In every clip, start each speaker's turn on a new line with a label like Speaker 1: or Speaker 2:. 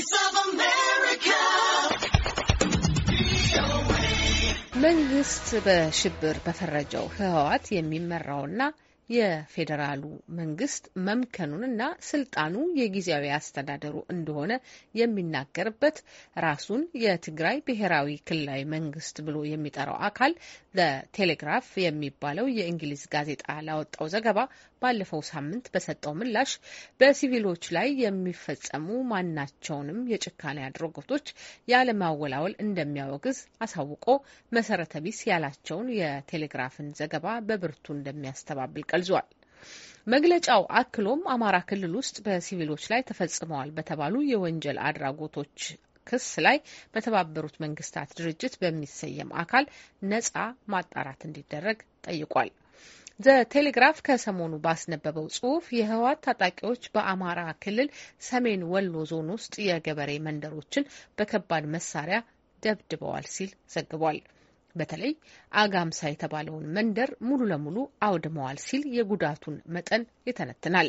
Speaker 1: Voice of America. መንግስት በሽብር በፈረጀው ህወሓት የሚመራውና የፌዴራሉ መንግስት መምከኑንና ስልጣኑ የጊዜያዊ አስተዳደሩ እንደሆነ የሚናገርበት ራሱን የትግራይ ብሔራዊ ክልላዊ መንግስት ብሎ የሚጠራው አካል ቴሌግራፍ የሚባለው የእንግሊዝ ጋዜጣ ላወጣው ዘገባ ባለፈው ሳምንት በሰጠው ምላሽ በሲቪሎች ላይ የሚፈጸሙ ማናቸውንም የጭካኔ አድራጎቶች ያለማወላወል እንደሚያወግዝ አሳውቆ መሰረተ ቢስ ያላቸውን የቴሌግራፍን ዘገባ በብርቱ እንደሚያስተባብል ገልጿል። መግለጫው አክሎም አማራ ክልል ውስጥ በሲቪሎች ላይ ተፈጽመዋል በተባሉ የወንጀል አድራጎቶች ክስ ላይ በተባበሩት መንግስታት ድርጅት በሚሰየም አካል ነጻ ማጣራት እንዲደረግ ጠይቋል። ቴሌግራፍ ከሰሞኑ ባስነበበው ጽሁፍ የህወሓት ታጣቂዎች በአማራ ክልል ሰሜን ወሎ ዞን ውስጥ የገበሬ መንደሮችን በከባድ መሳሪያ ደብድበዋል ሲል ዘግቧል። በተለይ አጋምሳ የተባለውን መንደር ሙሉ ለሙሉ አውድመዋል ሲል የጉዳቱን መጠን ይተነትናል።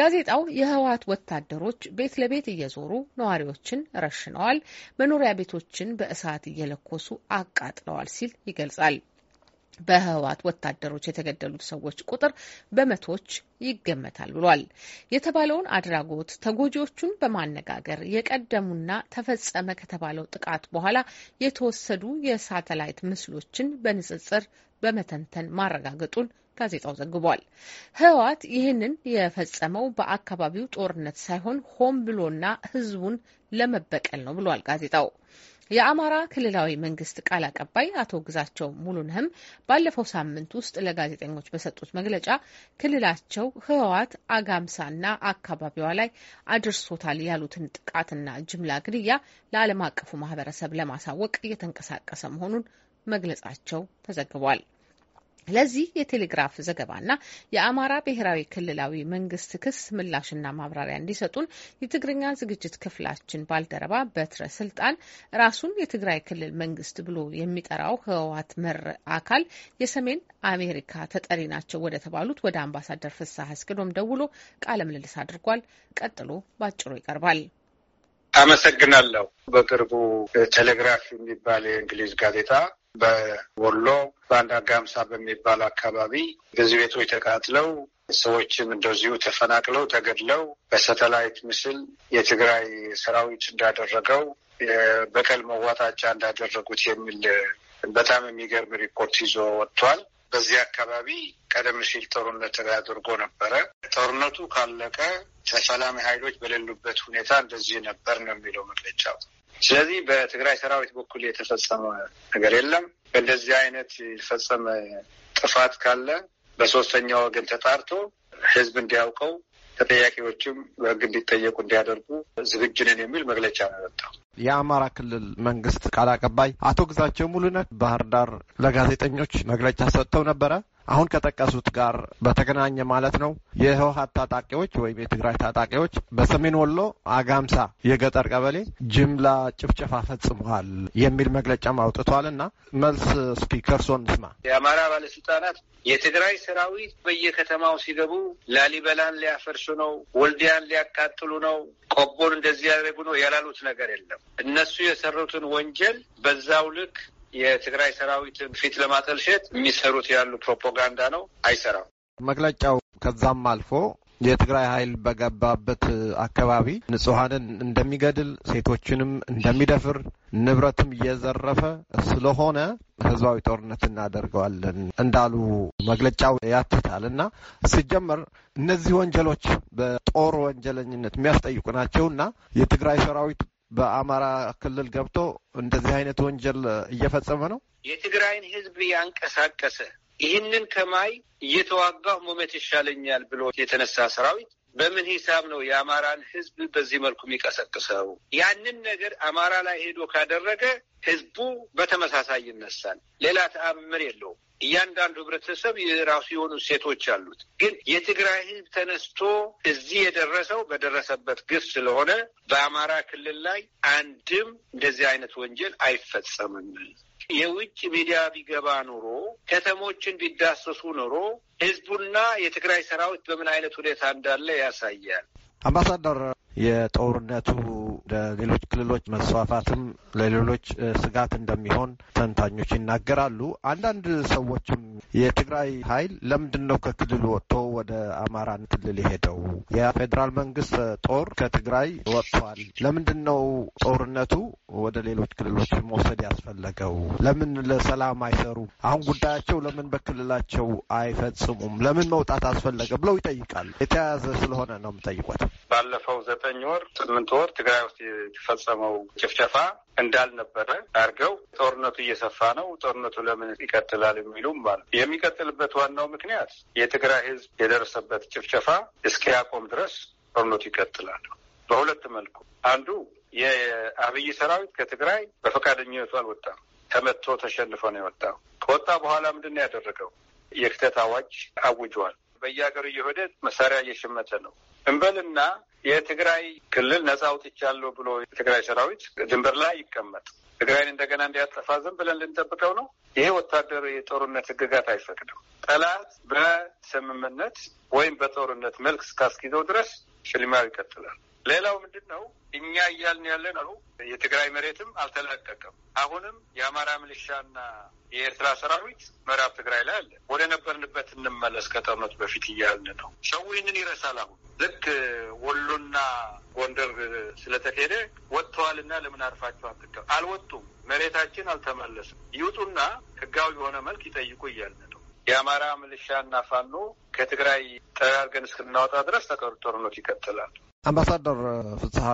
Speaker 1: ጋዜጣው የህወሓት ወታደሮች ቤት ለቤት እየዞሩ ነዋሪዎችን ረሽነዋል፣ መኖሪያ ቤቶችን በእሳት እየለኮሱ አቃጥለዋል ሲል ይገልጻል። በህወሓት ወታደሮች የተገደሉት ሰዎች ቁጥር በመቶዎች ይገመታል ብሏል። የተባለውን አድራጎት ተጎጂዎቹን በማነጋገር የቀደሙና ተፈጸመ ከተባለው ጥቃት በኋላ የተወሰዱ የሳተላይት ምስሎችን በንጽጽር በመተንተን ማረጋገጡን ጋዜጣው ዘግቧል። ህወሓት ይህንን የፈጸመው በአካባቢው ጦርነት ሳይሆን ሆን ብሎና ህዝቡን ለመበቀል ነው ብሏል ጋዜጣው። የአማራ ክልላዊ መንግስት ቃል አቀባይ አቶ ግዛቸው ሙሉነህም ባለፈው ሳምንት ውስጥ ለጋዜጠኞች በሰጡት መግለጫ ክልላቸው ህወሓት አጋምሳና አካባቢዋ ላይ አድርሶታል ያሉትን ጥቃትና ጅምላ ግድያ ለዓለም አቀፉ ማህበረሰብ ለማሳወቅ እየተንቀሳቀሰ መሆኑን መግለጻቸው ተዘግቧል። ለዚህ የቴሌግራፍ ዘገባና የአማራ ብሔራዊ ክልላዊ መንግስት ክስ ምላሽና ማብራሪያ እንዲሰጡን የትግርኛ ዝግጅት ክፍላችን ባልደረባ በትረ ስልጣን ራሱን የትግራይ ክልል መንግስት ብሎ የሚጠራው ህወሓት መር አካል የሰሜን አሜሪካ ተጠሪ ናቸው ወደ ተባሉት ወደ አምባሳደር ፍሳሐ አስገዶም ደውሎ ቃለ ምልልስ አድርጓል። ቀጥሎ ባጭሩ ይቀርባል።
Speaker 2: አመሰግናለሁ። በቅርቡ ቴሌግራፍ የሚባል የእንግሊዝ ጋዜጣ በወሎ በአንድ አጋምሳ በሚባል አካባቢ ብዙ ቤቶች ተቃጥለው ሰዎችም እንደዚሁ ተፈናቅለው ተገድለው በሳተላይት ምስል የትግራይ ሰራዊት እንዳደረገው በቀል መዋጣጫ እንዳደረጉት የሚል በጣም የሚገርም ሪፖርት ይዞ ወጥቷል። በዚህ አካባቢ ቀደም ሲል ጦርነት ተደርጎ ነበረ። ጦርነቱ ካለቀ ተሰላሚ ኃይሎች በሌሉበት ሁኔታ እንደዚህ ነበር ነው የሚለው መግለጫው። ስለዚህ በትግራይ ሰራዊት በኩል የተፈጸመ ነገር የለም። በእንደዚህ አይነት የተፈጸመ ጥፋት ካለ በሶስተኛ ወገን ተጣርቶ ህዝብ እንዲያውቀው ተጠያቂዎችም በህግ እንዲጠየቁ እንዲያደርጉ ዝግጁ ነን የሚል መግለጫ
Speaker 3: ነው የወጣው። የአማራ ክልል መንግስት ቃል አቀባይ አቶ ግዛቸው ሙሉነት ባህር ዳር ለጋዜጠኞች መግለጫ ሰጥተው ነበረ። አሁን ከጠቀሱት ጋር በተገናኘ ማለት ነው። የህወሀት ታጣቂዎች ወይም የትግራይ ታጣቂዎች በሰሜን ወሎ አጋምሳ የገጠር ቀበሌ ጅምላ ጭፍጨፋ ፈጽመዋል የሚል መግለጫም አውጥቷል እና መልስ እስኪ ከርሶን እንስማ።
Speaker 2: የአማራ ባለስልጣናት የትግራይ ሰራዊት በየከተማው ሲገቡ ላሊበላን ሊያፈርሱ ነው፣ ወልዲያን ሊያቃጥሉ ነው፣ ቆቦን እንደዚህ ያደረጉ ነው ያላሉት ነገር የለም። እነሱ የሰሩትን ወንጀል በዛው ልክ የትግራይ ሰራዊት ፊት ለማጠልሸት የሚሰሩት ያሉ ፕሮፓጋንዳ ነው፣ አይሰራም።
Speaker 3: መግለጫው ከዛም አልፎ የትግራይ ኃይል በገባበት አካባቢ ንጹሐንን እንደሚገድል፣ ሴቶችንም እንደሚደፍር፣ ንብረትም እየዘረፈ ስለሆነ ህዝባዊ ጦርነት እናደርገዋለን እንዳሉ መግለጫው ያትታል እና ሲጀመር እነዚህ ወንጀሎች በጦር ወንጀለኝነት የሚያስጠይቁ ናቸውና የትግራይ ሰራዊት በአማራ ክልል ገብቶ እንደዚህ አይነት ወንጀል እየፈጸመ ነው።
Speaker 2: የትግራይን ህዝብ ያንቀሳቀሰ ይህንን ከማይ እየተዋጋ ሞመት ይሻለኛል ብሎ የተነሳ ሰራዊት በምን ሂሳብ ነው የአማራን ህዝብ በዚህ መልኩ የሚቀሰቅሰው? ያንን ነገር አማራ ላይ ሄዶ ካደረገ ህዝቡ በተመሳሳይ ይነሳል። ሌላ ተአምር የለውም። እያንዳንዱ ህብረተሰብ የራሱ የሆኑ ሴቶች አሉት። ግን የትግራይ ህዝብ ተነስቶ እዚህ የደረሰው በደረሰበት ግፍ ስለሆነ በአማራ ክልል ላይ አንድም እንደዚህ አይነት ወንጀል አይፈጸምም። የውጭ ሚዲያ ቢገባ ኑሮ ከተሞችን ቢዳሰሱ ኑሮ ህዝቡና የትግራይ ሰራዊት በምን አይነት ሁኔታ እንዳለ ያሳያል።
Speaker 3: አምባሳደር የጦርነቱ ለሌሎች ክልሎች መስፋፋትም ለሌሎች ስጋት እንደሚሆን ተንታኞች ይናገራሉ። አንዳንድ ሰዎችም የትግራይ ኃይል ለምንድን ነው ከክልል ወጥቶ ወደ አማራ ክልል የሄደው? የፌዴራል መንግስት ጦር ከትግራይ ወጥቷል። ለምንድን ነው ጦርነቱ ወደ ሌሎች ክልሎች መውሰድ ያስፈለገው? ለምን ለሰላም አይሰሩም? አሁን ጉዳያቸው ለምን በክልላቸው አይፈጽሙም? ለምን መውጣት አስፈለገ ብለው ይጠይቃሉ። የተያያዘ ስለሆነ ነው የምጠይቆት።
Speaker 2: ባለፈው ዘጠኝ ወር ስምንት ወር ትግራይ ውስጥ የተፈጸመው ጭፍጨፋ እንዳልነበረ አድርገው ጦርነቱ እየሰፋ ነው፣ ጦርነቱ ለምን ይቀጥላል የሚሉም ማለት የሚቀጥልበት ዋናው ምክንያት የትግራይ ህዝብ የደረሰበት ጭፍጨፋ እስኪያቆም ድረስ ጦርነቱ ይቀጥላል። በሁለት መልኩ አንዱ የአብይ ሰራዊት ከትግራይ በፈቃደኝነቱ አልወጣም። ተመቶ ተሸንፎ ነው የወጣው። ከወጣ በኋላ ምንድን ነው ያደረገው? የክተት አዋጅ አውጇል። በየሀገሩ እየሄደ መሳሪያ እየሸመተ ነው እንበልና የትግራይ ክልል ነጻ አውጥቻለሁ ብሎ የትግራይ ሰራዊት ድንበር ላይ ይቀመጥ ትግራይን እንደገና እንዲያጠፋ ዝም ብለን ልንጠብቀው ነው? ይሄ ወታደር የጦርነት ህግጋት አይፈቅድም። ጠላት በስምምነት ወይም በጦርነት መልክ እስካስኪዘው ድረስ ሽልማው ይቀጥላል። ሌላው ምንድን ነው እኛ እያልን ያለ ነው የትግራይ መሬትም አልተለቀቀም። አሁንም የአማራ ሚሊሻና የኤርትራ ሰራዊት ምዕራብ ትግራይ ላይ አለ። ወደ ነበርንበት እንመለስ ከጦርነቱ በፊት እያልን ነው። ሰው ይህንን ይረሳል። አሁን ልክ ወሎና ጎንደር ስለተካሄደ ወጥተዋልና ለምን አርፋቸው አትቀም? አልወጡም። መሬታችን አልተመለስም። ይውጡና ህጋዊ የሆነ መልክ ይጠይቁ እያልን ነው። የአማራ ሚሊሻና ፋኖ
Speaker 3: ከትግራይ ጠራርገን እስክናወጣ ድረስ ተቀሩ ጦርነቱ ይቀጥላል። አምባሳደር ፍስሀ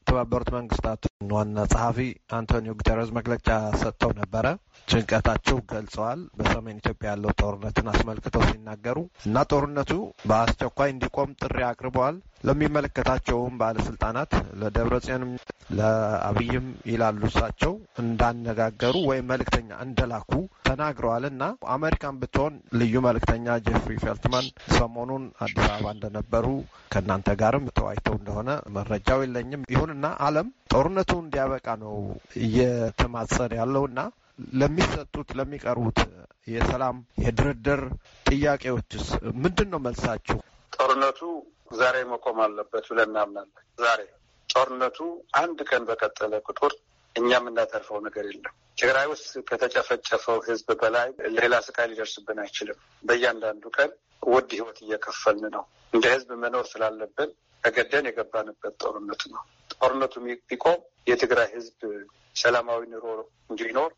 Speaker 3: የተባበሩት መንግስታት ዋና ጸሐፊ አንቶኒዮ ጉተረስ መግለጫ ሰጥተው ነበረ። ጭንቀታቸው ገልጸዋል። በሰሜን ኢትዮጵያ ያለው ጦርነትን አስመልክተው ሲናገሩ እና ጦርነቱ በአስቸኳይ እንዲቆም ጥሪ አቅርበዋል። ለሚመለከታቸውም ባለስልጣናት ለደብረጽዮንም ለአብይም ይላሉ እሳቸው እንዳነጋገሩ ወይም መልእክተኛ እንደላኩ ተናግረዋል እና አሜሪካን ብትሆን ልዩ መልእክተኛ ጀፍሪ ፌልትማን ሰሞኑን አዲስ አበባ እንደነበሩ ከእናንተ ጋርም ተወያይተው እንደሆነ መረጃው የለኝም። ይሁንና ዓለም ጦርነቱ እንዲያበቃ ነው ያለው ያለውና ለሚሰጡት ለሚቀርቡት የሰላም የድርድር ጥያቄዎችስ ምንድን ነው መልሳችሁ?
Speaker 2: ጦርነቱ ዛሬ መቆም አለበት ብለን እናምናለን። ዛሬ ጦርነቱ አንድ ቀን በቀጠለ ቁጥር እኛ የምናተርፈው ነገር የለም። ትግራይ ውስጥ ከተጨፈጨፈው ህዝብ በላይ ሌላ ስቃይ ሊደርስብን አይችልም። በእያንዳንዱ ቀን ውድ ህይወት እየከፈልን ነው። እንደ ህዝብ መኖር ስላለብን ተገደን የገባንበት ጦርነቱ ነው። ጦርነቱ ቢቆም የትግራይ ህዝብ ሰላማዊ ኑሮ እንዲኖር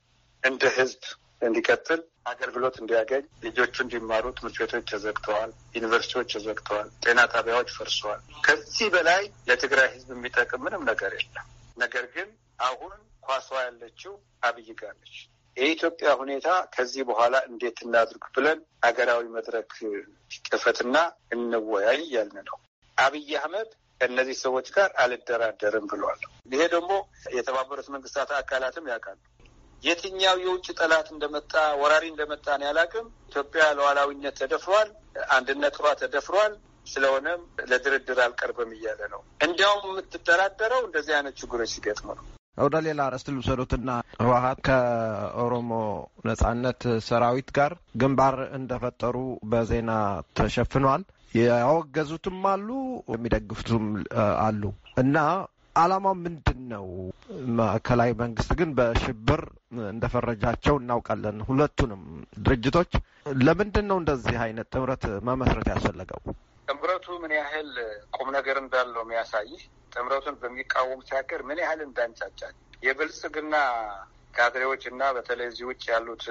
Speaker 2: እንደ ህዝብ። እንዲቀጥል አገልግሎት እንዲያገኝ ልጆቹ እንዲማሩ ትምህርት ቤቶች ተዘግተዋል፣ ዩኒቨርሲቲዎች ተዘግተዋል፣ ጤና ጣቢያዎች ፈርሰዋል። ከዚህ በላይ ለትግራይ ህዝብ የሚጠቅም ምንም ነገር የለም። ነገር ግን አሁን ኳሷ ያለችው አብይ ጋለች። የኢትዮጵያ ሁኔታ ከዚህ በኋላ እንዴት እናድርግ ብለን ሀገራዊ መድረክ ቅፈትና እንወያይ እያልን ነው። አብይ አህመድ ከእነዚህ ሰዎች ጋር አልደራደርም ብሏል። ይሄ ደግሞ የተባበሩት መንግስታት አካላትም ያውቃሉ። የትኛው የውጭ ጠላት እንደመጣ ወራሪ እንደመጣ ነው ያላቅም። ኢትዮጵያ ሉዓላዊነት ተደፍሯል፣ አንድነት ሯ ተደፍሯል። ስለሆነም ለድርድር አልቀርብም እያለ ነው። እንዲያውም የምትደራደረው እንደዚህ አይነት ችግሮች ሲገጥሙ ነው።
Speaker 3: ወደ ሌላ ርዕስ ልውሰዱትና ህወሀት ከኦሮሞ ነጻነት ሰራዊት ጋር ግንባር እንደፈጠሩ በዜና ተሸፍኗል። ያወገዙትም አሉ፣ የሚደግፉትም አሉ እና ዓላማው ምንድን ነው? ማዕከላዊ መንግስት ግን በሽብር እንደፈረጃቸው እናውቃለን። ሁለቱንም ድርጅቶች ለምንድን ነው እንደዚህ አይነት ጥምረት መመስረት ያስፈለገው?
Speaker 2: ጥምረቱ ምን ያህል ቁም ነገር እንዳለው የሚያሳይህ ጥምረቱን በሚቃወሙት ሀገር ምን ያህል እንዳንጫጫል የብልጽግና ካድሬዎች እና በተለይ እዚህ ውጭ ያሉት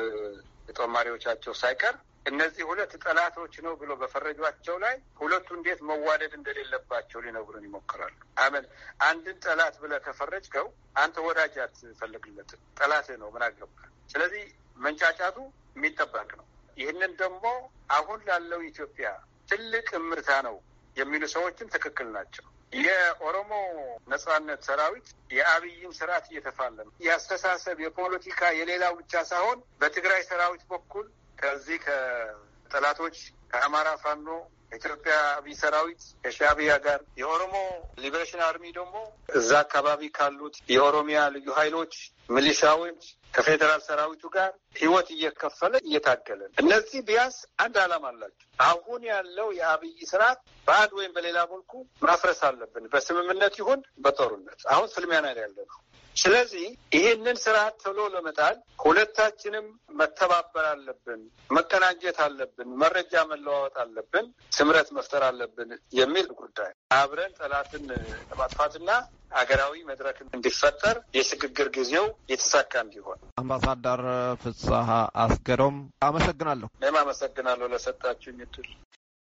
Speaker 2: ተጠማሪዎቻቸው ሳይቀር እነዚህ ሁለት ጠላቶች ነው ብሎ በፈረጇቸው ላይ ሁለቱ እንዴት መዋደድ እንደሌለባቸው ሊነግሩን ይሞክራሉ። አመን አንድን ጠላት ብለህ ከፈረጅከው አንተ ወዳጅ አትፈልግለትም፣ ጠላትህ ነው። ምን አገባህ? ስለዚህ መንጫጫቱ የሚጠበቅ ነው። ይህንን ደግሞ አሁን ላለው ኢትዮጵያ ትልቅ እምርታ ነው የሚሉ ሰዎችም ትክክል ናቸው። የኦሮሞ ነጻነት ሰራዊት የአብይን ስርዓት እየተፋለመ የአስተሳሰብ የፖለቲካ የሌላው ብቻ ሳይሆን በትግራይ ሰራዊት በኩል ከዚህ ከጠላቶች ከአማራ ፋኖ ኢትዮጵያ አብይ ሰራዊት ከሻቢያ ጋር የኦሮሞ ሊበሬሽን አርሚ ደግሞ እዛ አካባቢ ካሉት የኦሮሚያ ልዩ ኃይሎች ሚሊሻዎች ከፌዴራል ሰራዊቱ ጋር ህይወት እየከፈለ እየታገለ እነዚህ ቢያንስ አንድ ዓላማ አላቸው። አሁን ያለው የአብይ ስርዓት በአንድ ወይም በሌላ መልኩ ማፍረስ አለብን፣ በስምምነት ይሁን በጦርነት። አሁን ፍልሚያ ነው ያለ ነው። ስለዚህ ይህንን ስርዓት ቶሎ ለመጣል ሁለታችንም መተባበር አለብን፣ መቀናጀት አለብን፣ መረጃ መለዋወጥ አለብን፣ ስምረት መፍጠር አለብን የሚል ጉዳይ አብረን ጠላትን ለማጥፋትና ሀገራዊ መድረክ እንዲፈጠር የሽግግር ጊዜው የተሳካ እንዲሆን።
Speaker 3: አምባሳደር ፍስሀ አስገዶም አመሰግናለሁ።
Speaker 2: እኔም አመሰግናለሁ ለሰጣችሁኝ እድል።